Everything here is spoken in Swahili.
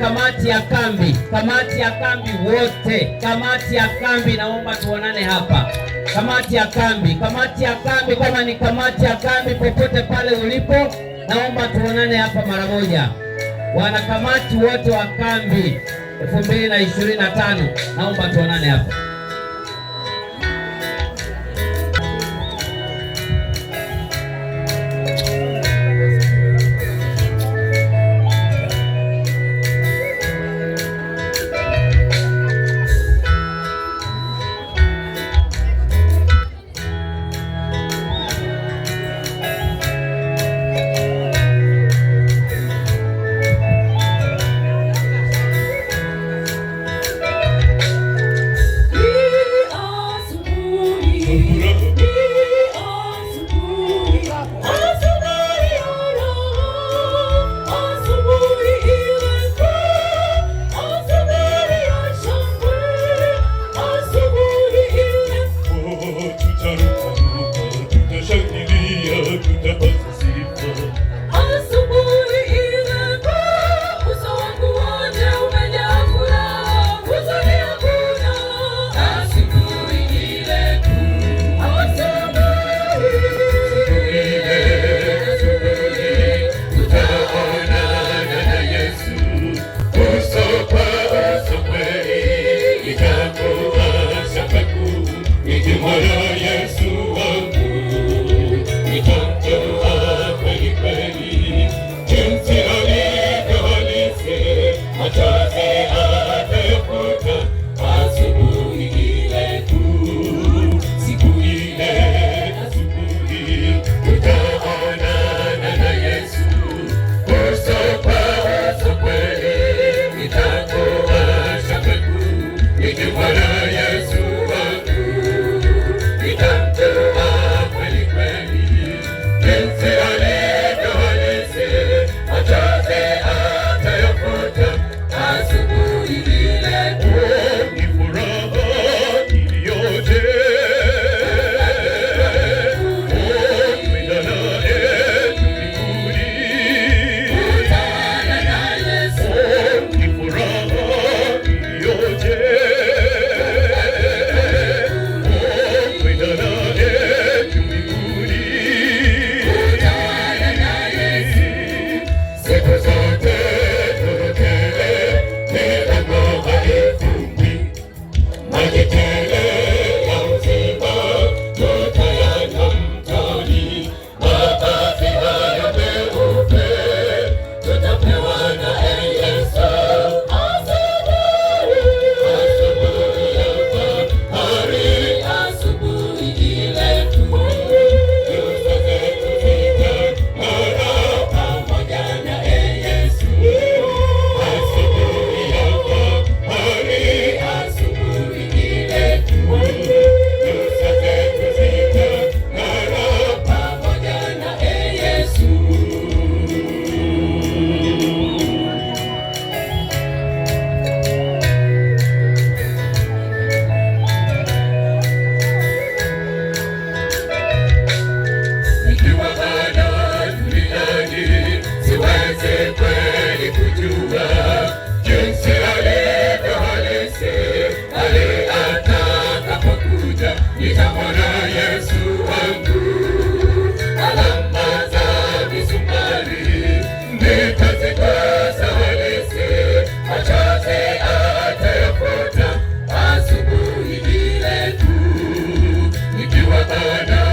kamati ya kambi, kamati ya kambi wote, kamati ya kambi, naomba tuonane hapa. Kamati ya kambi, kamati ya kambi, kama ni kamati ya kambi popote pale ulipo, naomba tuonane hapa mara moja. Wanakamati wote wa kambi 2025 naomba tuonane hapa. Mattel. Father.